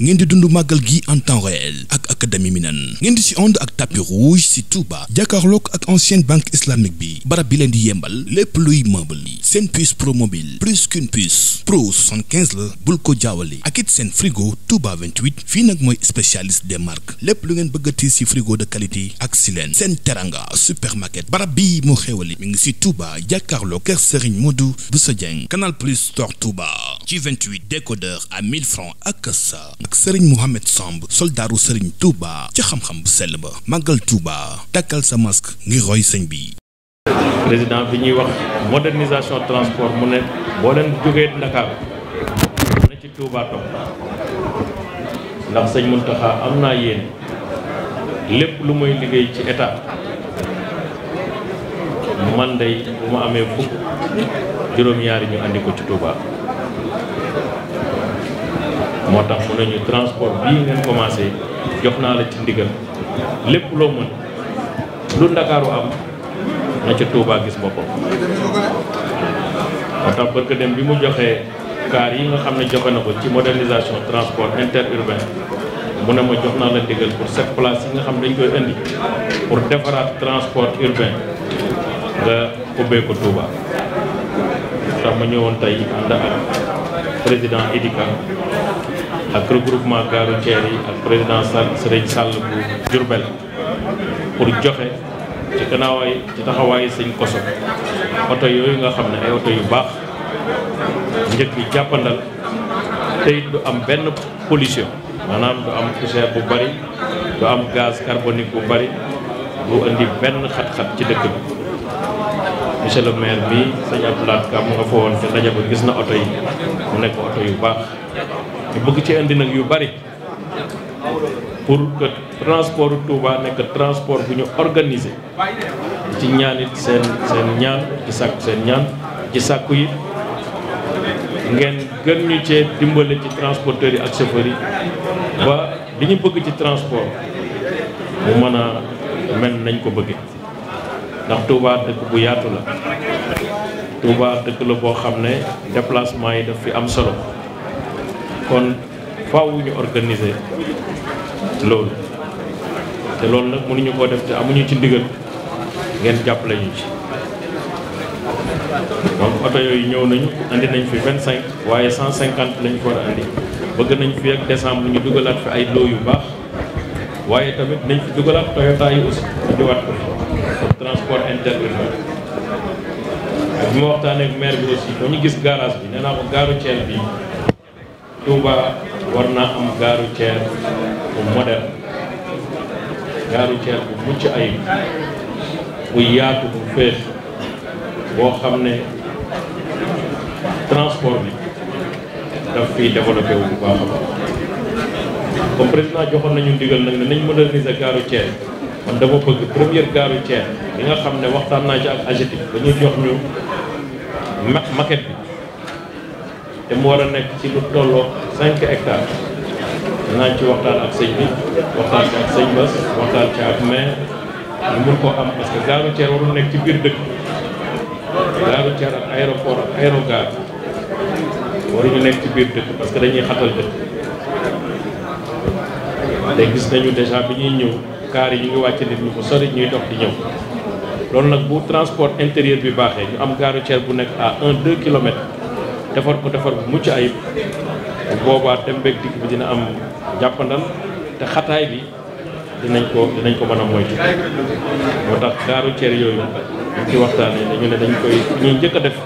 ngeen di dund màggal gi en temps réel académie minan ngeen di si ond ak tapis rouge si Touba jàkkaarloog ak ancienne banque islamique bi barab bi leen di yembal lépp luy meuble yi seen puce pro mobile plus qu'une puce pro 75 la bul ko jaawale ak it seen frigo Touba 28 fii nag mooy spécialiste des marques lépp lu ngeen bëggati si frigo de qualité ak si leen seen teranga supermarket barab bi moo xéewali mi ngi si Touba jàkkaarloog kër Serigne Modou Bousso Dieng Canal Plus Store Touba ci 28 décodeur à 1000 francs ak sa ak Serigne Mohamed Samb soldaaru Serigne Touba ca xam-xam bu sell ba màggal Touba takkal sa masque ngir roy sëñ bi. président bi ñuy wax modernisation transport mu ne booleen leen jógee Dakar na ci Touba topp ndax sëñ Mountakha am naa yéen lépp lu may liggéey ci état man de bu ma amee fukk juróom-ñaari ñu andi ko ci Touba. moo tax mu ne ñu transport bii ngeen commencé jox naa la ci ndigal lépp loo mën lu ndakaaru am na ca Touba gis boppam moo tax barka dem bi mu joxee kaar yi nga xam ne joxe na ko ci modernisation transport interurbain mu ne ma jox naa la ndigal pour cette place yi nga xam ne dañ koy indi pour defaraat transport urbain nga ubbee ko Touba tax ma ñëwoon tey ànd ak président Idika ak regroupement gare routière yi ak président Sëriñ Sall bu Diourbel pour joxe ci gannaaway ci taxawaayu sëñ Koso oto yooyu nga xam ne ay oto yu baax njëg bi jàppandal tey it du am benn pollution maanaam du am poussière bu bari du am gaz carbonique bu bari du indi benn xat-xat ci dëkk bi monsieur le maire bi sëñ Abdoulaye Ka mu nga fa woon te ndaje ba gis na oto yi mu nekk oto yu baax ñu bëgg ci indi nag yu bari pour que transport Touba nekk transport bu ñu organiser ci ñaan it seen seen ñaan ci sàkku yi ngeen gën ñu cee dimbale ci transporteurs yi ak chauffeurs yi ba li ñu bëgg ci transport mu mën a mel nañ ko bëggee ndax Touba dëkk bu yaatu la Touba dëkk la boo xam ne déplacement yi def fi am solo kon faaw ñu organiser loolu te loolu nag mënuñu koo def te amuñu ci ndigal ngeen jàppale ñu ci donc oto yooyu ñëw nañu indi nañ fi 25 waaye 150 lañ ko war a andi bëgg nañ fi ak décembre ñu dugalaat fi ay doo yu baax waaye tamit nañ fi dugalaat Toyota yi aussi indiwaat ko transport interurbain ak bi ma waxtaanee ak maire bi ñu gis garage bi nee naa ko gaaru Thiel bi Touba war naa am gaaru ceer bu modèle gaaru ceer bu mucc ayib bu yaatu bu fees boo xam ne transport bi daf fii développé wu bu baax a baax comme président joxoon nañu ndigal nag ne nañ moderniser gaaru ceer man dama bëgg première gaaru ceer bi nga xam ne waxtaan naa ci ak AGETIP ba jox ñu maquette bi te mu war a nekk ci lu tolloo cinq hectares danaa ci waxtaan ak sëñ bi waxtaan ci ak sëñ Bas waxtaan ci ak maire ñu mun koo am parce que gare routière warul nekk ci biir dëkk gare routière ak aéroport ak aérogare waruñu nekk ci biir dëkk parce que dañuy xatal dëkk te gis nañu déjà bi ñuy ñëw kaar yi ñu ngi wàcc nit ñu ko sori ñuy dox di ñëw loolu nag bu transport intérieur bi baaxee ñu am gare routière bu nekk à un deux kilomètres defar ko defar bu mucc ayib bu boobaa dem beeg dikk bi dina am jàppandal te xataay bi dinañ ko dinañ ko mën a moytu moo tax gaaru ceer yooyu ñu ci waxtaanee dañu ne dañ koy ñuy njëkk a def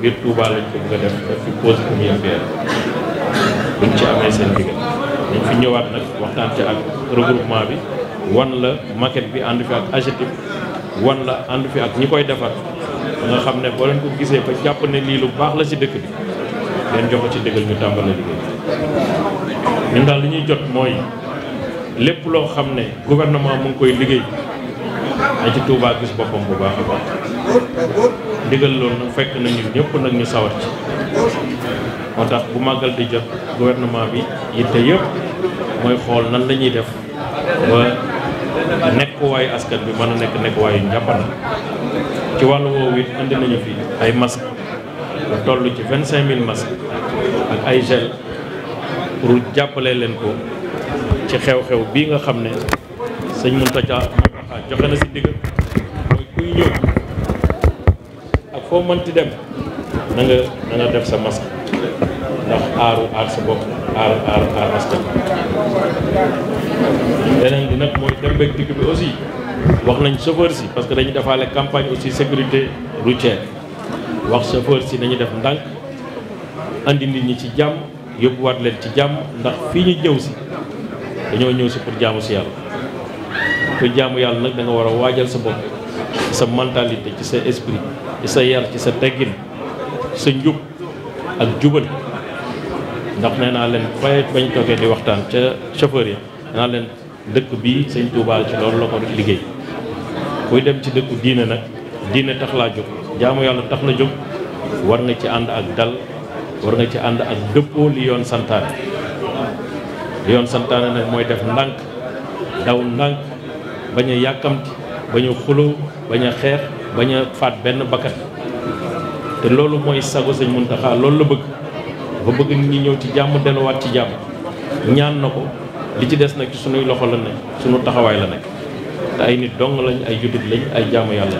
biir Touba lañ ko bëgg a def def fi pose première pierre buñ ci amee seen digal dañ fi ñëwaat nag waxtaan ci ak regroupement bi wan la maquette bi ànd fi ak adjectif wan la ànd fi ak ñi koy defar nga xam ne boo leen ko gisee ba jàpp ne lii lu baax la ci dëkk bi leen jox ci dëggal ñu tàmbale liggéey ñun daal li ñuy jot mooy lépp loo xam ne gouvernement mu koy liggéey na ci Touba gis boppam bu baax a baax ndigal nag fekk na ñépp ñëpp nag ñu sawar ci moo tax bu màggal di jot gouvernement bi yitte yëpp mooy xool nan la def ba nekkuwaayu askan bi mën a nekk nekkuwaayu njàppana ci wàllu woowu it indi nañu fi ay masques toll ci vingt cinq mille ak ay gel pour jàppale leen ko ci xew-xew bii nga xam ne sëñ Mountakha joxe na si digg mooy kuy ñëw ak foo mënti dem na nga na def sa masque ndax aaru aar sa bopp aar aar aar askan leneen bi nag mooy dem beeg digg bi aussi wax nañ chauffeur si parce que dañuy defaale campagne aussi sécurité routière wax chauffeur si nañu def ndànk andi nit ñi ci jàmm yóbbuwaat leen ci jàmm ndax fii ñu ñëw si dañoo ñëw si pour jaamu si yàlla pour jaamu yàlla nag da war a waajal sa bopp ci sa mentalité ci sa esprit ci sa yar ci sa teggin sa njub ak jubal ndax nee naa leen fay bañ toogee di waxtaan ca chauffeur yi nee naa leen dëkk bii sëñ Touba ci loolu la ko liggéey kuy dem ci dëkku diine nag diine tax laa jóg jaamu yàlla tax la jóg war nga ci ànd ak dal war nga ci ànd ak dëppoo li yoon santaane li yoon santaane nag mooy def ndànk daw ndànk bañ a yàkkamti bañ a xuloo bañ a xeex bañ a faat benn bakkat te loolu mooy sago sëñ Muntaxa loolu la bëgg ba bëgg nit ñi ñëw ci jàmm delluwaat ci jàmm ñaan na ko li ci des nag ci sunuy loxo la ne sunu taxawaay la nekk te ay nit dong lañ ay jullit lañ ay jaamu yàlla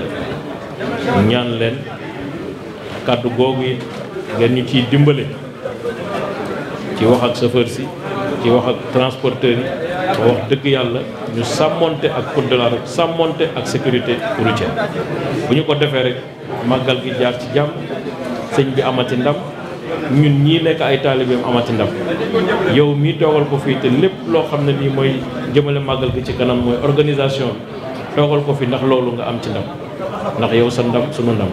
lañ ñaan leen kàddu googu it ngeen ñu ciy dimbale ci wax ak chauffeur si ci wax ak transporteur yi ba wax dëgg yàlla ñu sàmmonte ak code de la route sàmmonte ak sécurité routière bu ñu ko defee rek màggal gi jaar ci jàmm sëñ bi amati ndam ñun ñii nekk ay taalibeem amati ndam yow mii toogal ko fii te lépp loo xam ne nii mooy jëmale màggal gi ci kanam mooy organisation toogal ko fi ndax loolu nga am ci ndam ndax yow sa ndam sunu ndam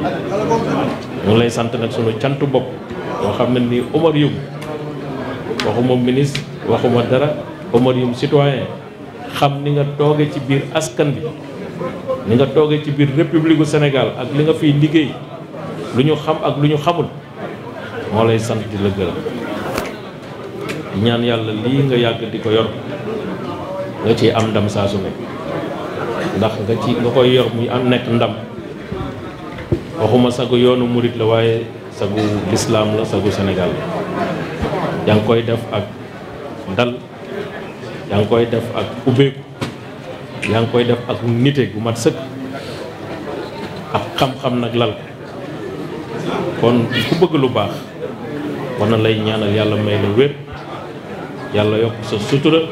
ñu ngi lay sant nag sunu cantu bopp yoo xam ne nii Omar Youm waxuma ministre waxuma dara Omar Youm citoyen xam ni nga tooge ci biir askan bi ni nga tooge ci biir république bu Sénégal ak li nga fiy liggéey lu ñu xam ak lu ñu xamul moo lay sant di la gërëm ñaan yàlla lii nga yàgg di ko yor nga ci am ndam saa su ndax nga ci nga koy yor muy am nekk ndam waxuma sagu yoonu murit la waaye sagu lislaam la sagu Sénégal yaa ngi koy def ak dal yaa ngi koy def ak ubbeeku yaa ngi koy def ak nite gu mat sëkk ak xam-xam nag lal kon ku bëgg lu baax wanna lay ñaanal yàlla may la wér yàlla yokk sa sutura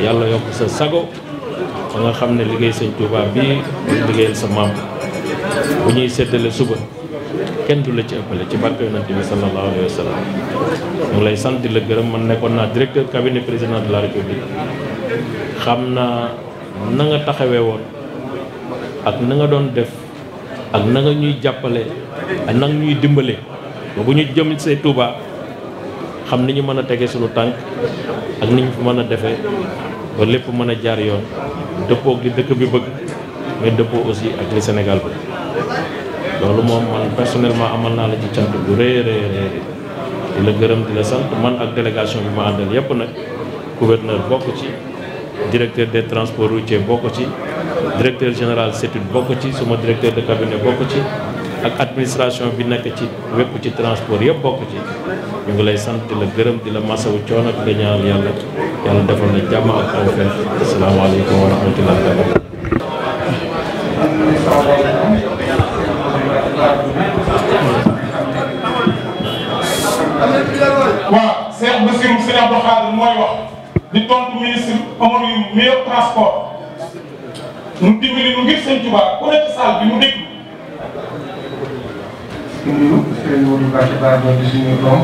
yàlla yokk sa sago ba nga xam ne liggéey sëñ Touba bii liggéeyal sa maam bu ñuy séddale suba kenn du la ci ëppale ci barke yonante bi sallallahu alayhi wa sallam ñu lay sant di la gërëm man nekkoon naa directeur cabinet président de la république xam naa na nga taxawee woon ak na nga doon def ak na nga ñuy jàppale ak na nga ñuy dimbale ba bu ñu jëm see Touba xam ni ñu mën a tege suñu tànk ak ni ñu mën a defee ba lépp mën a jaar yoon dëppoog li dëkk bi bëgg mais dëppoo aussi ak li Sénégal bëgg loolu moom man personnellement amal naa la ci cant bu rëy a la gërëm di la sant man ak délégation bi ma àndal yépp nag gouverneur bokk ci directeur des transports routiers bokk ci directeur général CETUD bokk ci suma directeur de cabinet bokk ci ak administration bi nekk ci wépp ci transport yëpp bokk ci ñu ngi lay sant la gërëm di la masawu coono ak yàlla yàlla defal na jàmm ak tawfeex asalaamaaleykum wa rahmatullahi wa barakatuh waaw Cheikh Bassirou mooy wax di tontu ministre Amadou Ly meilleur transport mu dimbali mu ngir Sëñ Tuubaa ku nekk salle bi mu dégg di nuyu Serigne Modou Backe Ba doon di suñu doom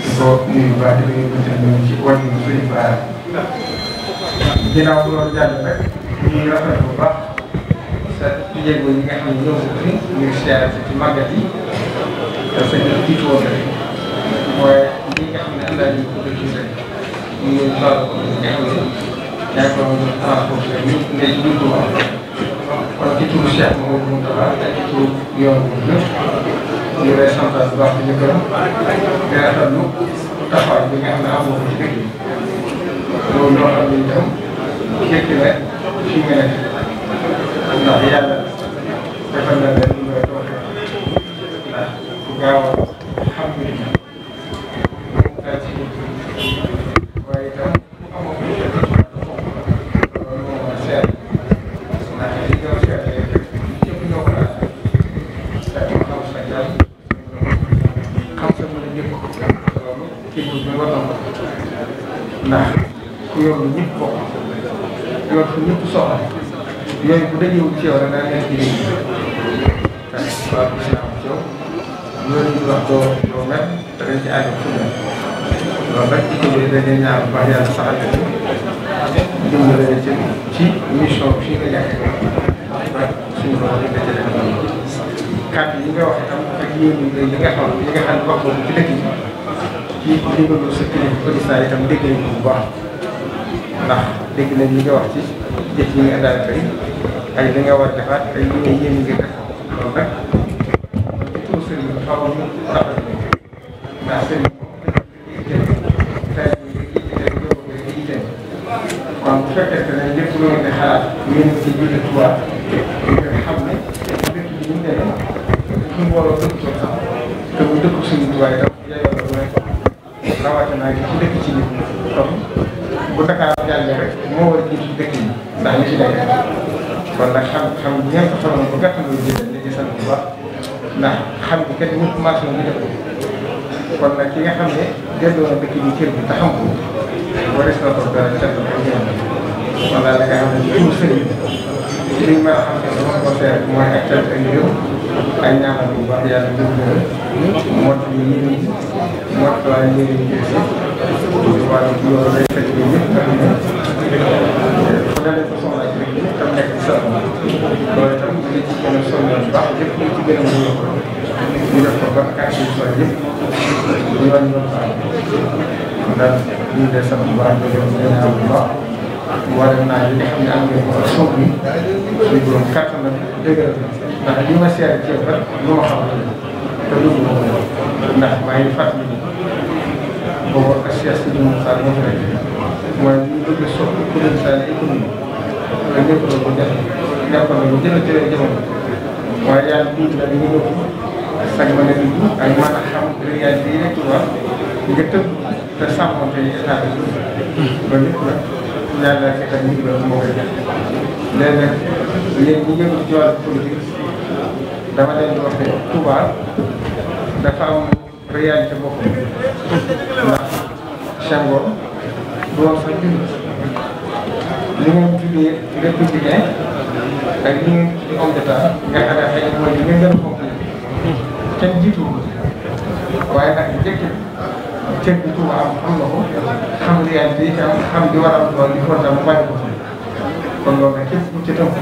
di ko nuyu bu baax di nuyu ba tey ci wàllu Serigne Bara. ginnaaw bu loolu jàll rek ñuy rafetlu bu baax sa jéego yi nga xam ne ñoo ko fi ñu ngi siyaare ci màggat yi te sa jël jiitu woon rek mooy li nga xam ne àndaay ñu ko dëkk rek ñu ngi baal ko nga xam ne yaa ko transport ñu ngay jiitu woon kon ci turu Cheikh Mouhamadou Moustapha ak ci ñu ngi lay sant bu baax di la gërëm di rafetlu taxawaay bi nga xam ne amoo ko ci dëkk bi loolu loo xam ne itam dëkk la fii nga nekk ndax yàlla defal na leen lu nga doon ndax ku gaaw ci yow rek daa nekk ci lii kat waa bi ci yow loolu ñu wax doo doo mel da ngay ci àgg fu mu loolu rek ci biir dañuy ñaan baax yàlla saxal ci ci mission bi fii nga nekk ba suñu borom rek dajale na kàddu yi nga wax itam ak yéen ñi nga xam li nga xam ne wax ci dëkk yi ci dimbalu sa kilifa président itam dégg nañ ko bu baax ndax dégg nañ li nga wax ci jëf yi nga daal bëri ak li nga war a defaat ak li nga yéene nga def loolu nag pour sëriñ bi faaw ñu rafetlu ndax sëriñ ndax xam ko kenn wut marché bi def ko kon nag ki nga xam ne delloo na dëkk bi cër bi te xam ko war na si la ko dara jot a ko ñëw wala la nga xam ne jiwu sëriñ bi li ma xam ne dama ko seer mooy ak cant ak yow ay ñaanal bu baax yàlla dëgg la mot yi ñu ngi mot waa ñu ngi ñu ngi wàllu loolu lay fekk ñu ñëpp nga xam ne bu dalee ko soxla ci rek tam nekk sa loolu itam li ci gën a sonal bu baax yëpp gën a mën a ñu def ko ba ak suñu soxla yëpp ñu war ñu doon xaar kon daal ñu ngi lay sant bu baax di leen am bu baax war naa li nga xam ne am ngeen ko soog bi suñu borom kàttan la dëgëral ndax li ma seet ci yow rek lu ma xam te lu ma ndax maa ngi fàttali boobu ak siège bi moom sax moo fi rek mooy ñu bëgg a soog pour économie da ngeen ko doon ko def jàppal na lu jëm a jëlee jamono waaye yàlla tuuti la ñu ñëw sañ ma ne ay mën a xam réalité yi nekk Tuuba nga tëb te sàmmonte yi état bi ba nit la yàlla fekkal nit la moo koy def léegi nag yéen ñi yëngu ci dama leen di wax ne Tuuba dafa am réalité bopp ndax Senghor du woon sax jullit li moom tuddee républicain ak ñi di homme d'état nga xam ne xëy na mooy li nga gën a fonk kenn jiitu waaye nag njëkk cër bi Touba am xam na ko xam réalité yi am xam li war a am loolu li ko tam bàyyi ko kon loolu nag képp ku ci tënk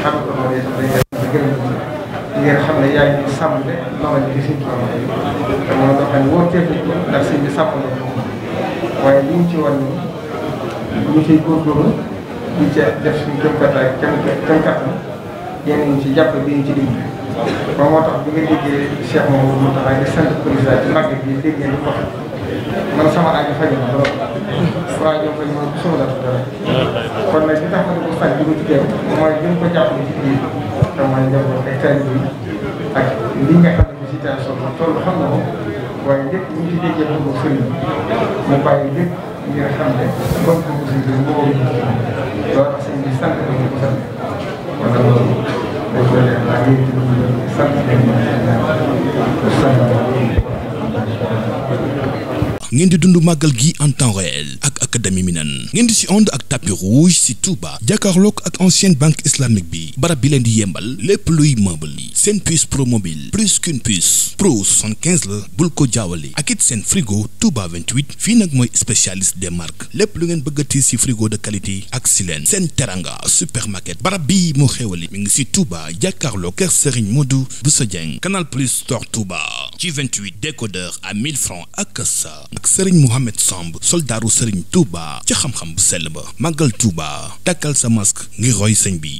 xam ko loolu itam day gën a ngir xam ne yaa ngi sàmm de loolu la ñu gis ñu te moom dafa xam ne woo teeku ko ndax sëñ bi sàmm na ko waaye li mu ci wan ñu ciy góorgóorlu ñu ca def suñu kéem kàllaay kéem kàttan yéen a ngi ci jàpp bi ñu ci déglu. ba moo tax bi nga déggee Cheikh Mamadou Mountakha nga sant président ci màgg bi dégg ngeen ko man sama aajo faju ma lool. waaw ñoo koy mën suba la dara. kon nag li tax ma ne ko faj bi mu ci teew mooy bi ñu ko jàppale ci biir te mooy njaboot ay taalibe bi ak li nga xam ne situation bi toll xam na ko waaye lépp ñu ci déggee ko sëriñ mu bàyyi lépp. ñi ngeen di dund màggal gi en temps réel académie minan ngeen di si onde ak tapis rouge si Touba jàkkaarloog ak ancienne banque islamique bi barab bi leen di yembal lépp luy meuble yi seen puce pro mobile plus qu'une puce pro 75 la bul ko jaawale ak it seen frigo Touba 28 fii nag mooy spécialiste des marques lépp lu ngeen bëggati si frigo de qualité ak si leen seen teranga supermarket barab bi moo xewali mi ngi si Touba jàkkaarloog kër Serigne Modou Bousso Dieng Canal Plus Store Touba ci 28 décodeur à 1000 francs ak sa ak Serigne Mohamed Samb soldaru Serigne Touba ca xam-xam bu sell ba màggal Touba takkal sa masque ngir roy sëñ bi